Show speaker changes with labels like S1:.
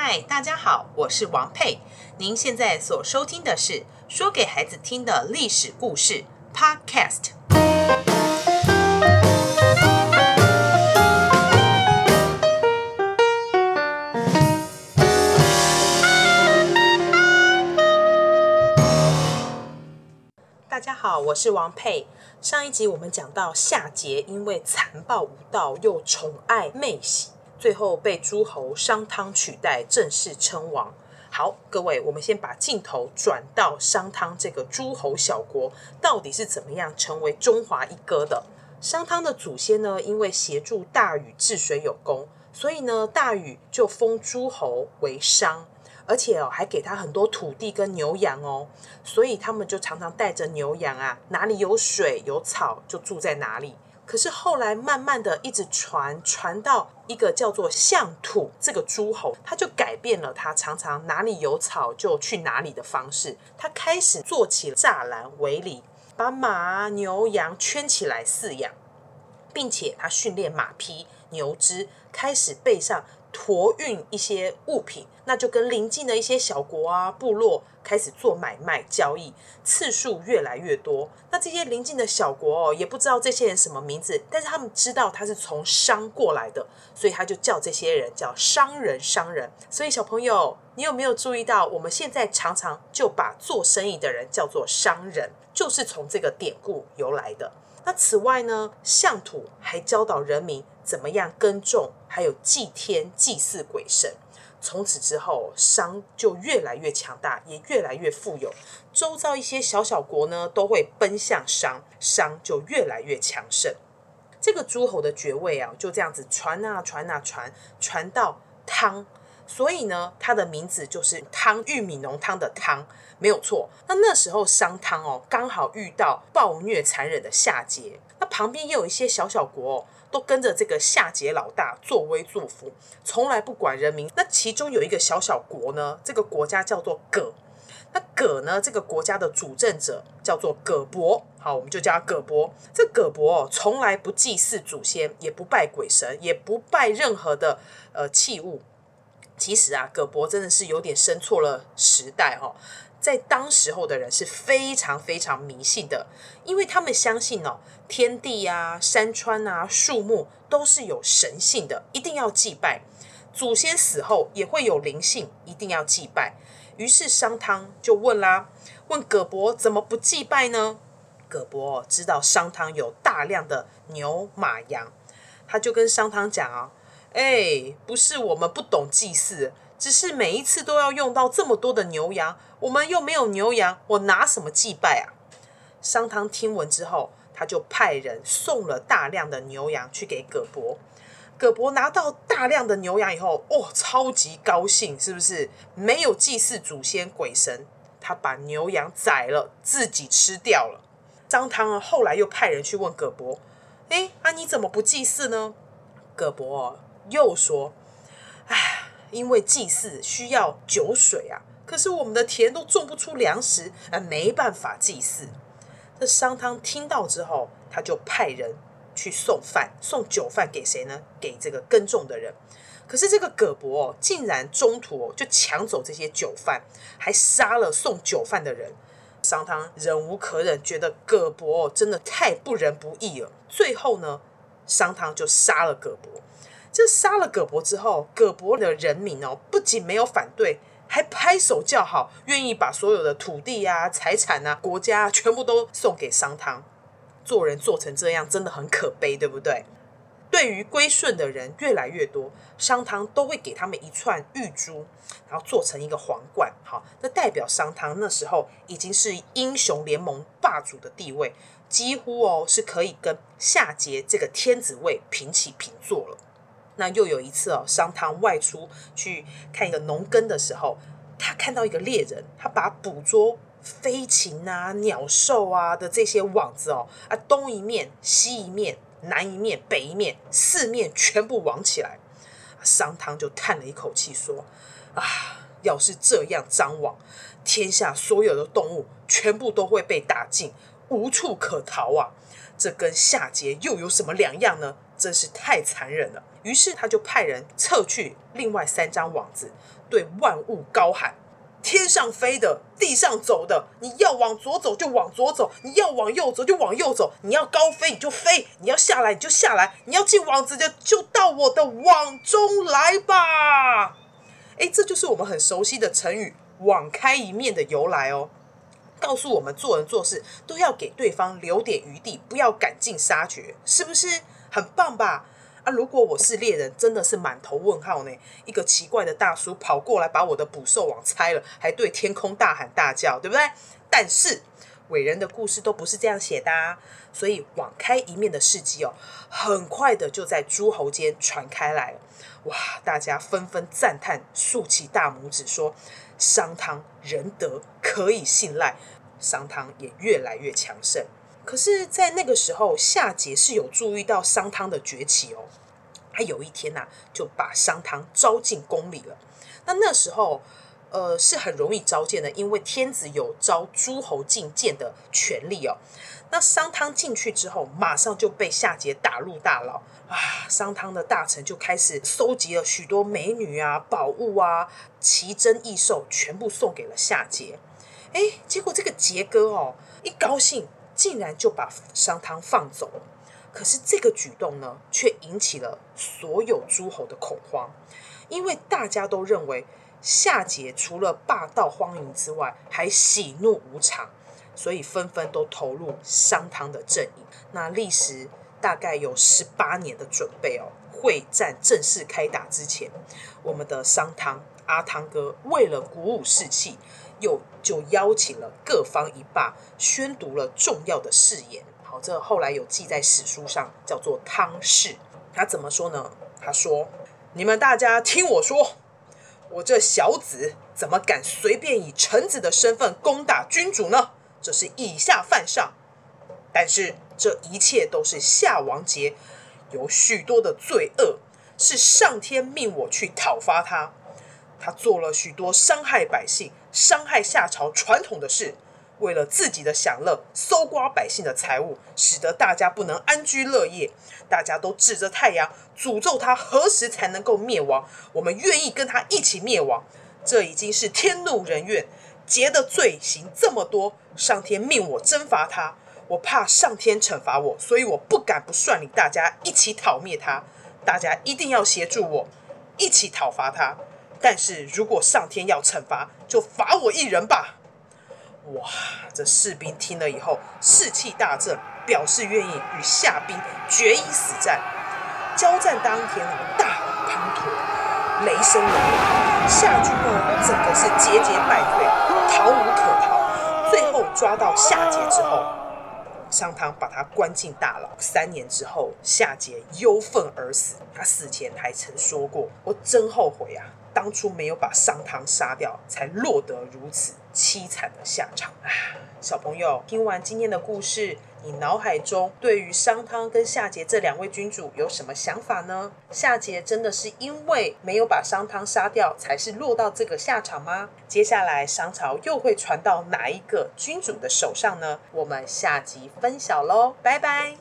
S1: 嗨，大家好，我是王佩。您現在所收聽的是《說給孩子聽的歷史故事》Podcast。大家好，我是王佩。上一集我們講到夏桀因為殘暴無道，又寵愛妹喜。最後被諸侯商湯取代，正式稱王。好，各位，我們先把鏡頭轉到商湯這個諸侯小國，到底是怎麼樣成為中華一哥的？商湯的祖先呢，因為協助大禹治水有功，所以呢，大禹就封諸侯為商，而且哦，還給他很多土地跟牛羊哦，所以他們就常常帶着牛羊啊，哪裡有水有草，就住在哪裡。可是後來慢慢的，一直傳傳到一個叫做相土這個諸侯，他就改變了他常常哪裡有草就去哪裡的方式，他開始做起柵欄圍籬，把馬牛羊圈起來飼養，並且他訓練馬匹牛隻，開始背上馱運一些物品，那就跟鄰近的一些小國啊部落開始做買賣交易次數越來越多，那這些鄰近的小國哦，也不知道這些人什麼名字，但是他們知道他是從商過來的，所以他就叫這些人叫商人。商人，所以小朋友，你有沒有注意到，我們現在常常就把做生意的人叫做商人，就是從這個典故由來的。那此外呢，相土還教導人民怎麼樣耕種，還有祭天、祭祀鬼神。從此之後，商就越來越強大，也越來越富有。周遭一些小小國呢，都會奔向商，商就越來越強盛。這個諸侯的爵位啊，就這樣子傳啊傳啊傳，傳到湯。所以呢，他的名字就是湯，玉米濃湯的湯，沒有錯。那那時候商湯哦，剛好遇到暴虐殘忍的夏桀，那旁邊也有一些小小國哦，都跟着這個夏桀老大作威作福，從來不管人民。那其中有一個小小國呢，這個國家叫做葛，那葛呢，這個國家的主政者叫做葛伯，好，我們就叫他葛伯。這葛伯哦，從來不祭祀祖先，也不拜鬼神，也不拜任何的呃器物。其實啊，葛伯真的是有點生錯了時代哦。在當時候的人是非常非常迷信的，因為他們相信哦，天地啊、山川啊、樹木都是有神性的，一定要祭拜。祖先死後也會有靈性，一定要祭拜。於是商湯就問啦，問葛伯怎麼不祭拜呢？葛伯知道商湯有大量的牛馬羊，他就跟商湯講啊。哎、欸，不是我們不懂祭祀，只是每一次都要用到這麼多的牛羊，我們又沒有牛羊，我拿什麼祭拜啊？商湯聽聞之後，他就派人送了大量的牛羊去給葛伯。葛伯拿到大量的牛羊以後，哦，超級高興，是不是？沒有祭祀祖先鬼神，他把牛羊宰了，自己吃掉了。商湯、啊、後來又派人去問葛伯，哎、欸，那、啊、你怎麼不祭祀呢？葛伯、啊。又說：“哎，因為祭祀需要酒水啊，可是我們的田都種不出糧食，呃，沒辦法祭祀。”這商湯聽到之後，他就派人去送飯、送酒飯給誰呢？給這個耕種的人。可是這個葛伯竟然中途就搶走這些酒飯，還殺了送酒飯的人。商湯忍無可忍，覺得葛伯真的太不仁不義了。最後呢，商湯就殺了葛伯。這殺了葛伯之後，葛伯的人民哦，不僅沒有反對，還拍手叫好，願意把所有的土地啊、財產啊、國家啊，全部都送給商湯。做人做成這樣，真的很可悲，對不對？對於歸順的人越來越多，商湯都會給他們一串玉珠，然後做成一個皇冠。好，那代表商湯那時候已經是英雄聯盟霸主的地位，幾乎哦是可以跟夏桀這個天子位平起平坐了。那又有一次哦，商湯外出去看一個農耕的時候，他看到一個獵人，他把捕捉飛禽啊、鳥獸啊的這些網子哦啊，東一面、西一面、南一面、北一面，四面全部網起來。商湯就嘆了一口氣說：“啊，要是這樣張網，天下所有的動物全部都會被打盡，無處可逃啊！這跟夏桀又有什麼兩樣呢？”真是太殘忍了。於是他就派人撤去另外三張網子，對萬物高喊：“天上飛的，地上走的，你要往左走就往左走，你要往右走就往右走，你要高飛你就飛，你要下來你就下來，你要進網子就就到我的網中來吧。”誒，這就是我們很熟悉的成語“網開一面”的由來哦，告訴我們做人做事都要給對方留點餘地，不要趕盡殺絕，是不是？很棒吧？啊，如果我是獵人，真的是滿頭問號呢。一個奇怪的大叔跑過來，把我的捕獸網拆了，還對天空大喊大叫，對不對？但是偉人的故事都不是這樣寫的啊，所以網開一面的事跡哦，很快的就在諸侯間傳開來了。哇，大家紛紛讚嘆，豎起大拇指說，說商湯仁德可以信賴。商湯也越來越強盛。可是，在那個時候，夏桀是有注意到商湯的崛起哦。他有一天吶、啊，就把商湯召進宮裡了。那那時候，呃，是很容易召見的，因為天子有召諸侯覲見的權利哦。那商湯進去之後，馬上就被夏桀打入大牢啊。商湯的大臣就開始蒐集了許多美女啊、寶物啊、奇珍異獸，全部送給了夏桀。哎，結果這個桀哥哦，一高興。竟然就把商湯放走了，可是這個舉動呢，却引起了所有諸侯的恐慌，因為大家都認為夏桀除了霸道荒淫之外，還喜怒無常，所以紛紛都投入商湯的陣營。那歷時大概有十八年的準備哦，會戰正式開打之前，我們的商湯阿湯哥為了鼓舞士氣。又就邀請了各方一霸，宣讀了重要的誓言。好，這後來有記在史書上，叫做湯誓，他怎麼說呢？他說：“你們大家聽我說，我這小子怎麼敢隨便以臣子的身份攻打君主呢？這是以下犯上。但是這一切都是夏王桀有許多的罪惡，是上天命我去討伐他。他做了許多傷害百姓。”傷害夏朝傳統的事，為了自己的享樂，搜刮百姓的財物，使得大家不能安居樂業。大家都指着太陽詛咒他，何時才能夠滅亡？我們願意跟他一起滅亡。這已經是天怒人怨，桀的罪行這麼多，上天命我征伐他，我怕上天懲罰我，所以我不敢不率領大家一起討滅他。大家一定要協助我，一起討伐他。但是如果上天要懲罰，就罰我一人吧！哇，這士兵聽了以後士氣大振，表示願意與夏兵決一死戰。交戰當天，大雨滂沱，雷聲隆隆，夏軍呢，整個是節節敗退，逃無可逃。最後抓到夏桀之後，商湯把他關進大牢。三年之後，夏桀憂憤而死。他死前還曾說過：“我真後悔啊！”當初沒有把商湯殺掉，才落得如此淒慘的下場啊！小朋友，聽完今天的故事，你腦海中對於商湯跟夏桀這兩位君主有什麼想法呢？夏桀真的是因為沒有把商湯殺掉，才是落到這個下場嗎？接下來商朝又會傳到哪一個君主的手上呢？我們下集分享嘍，拜拜。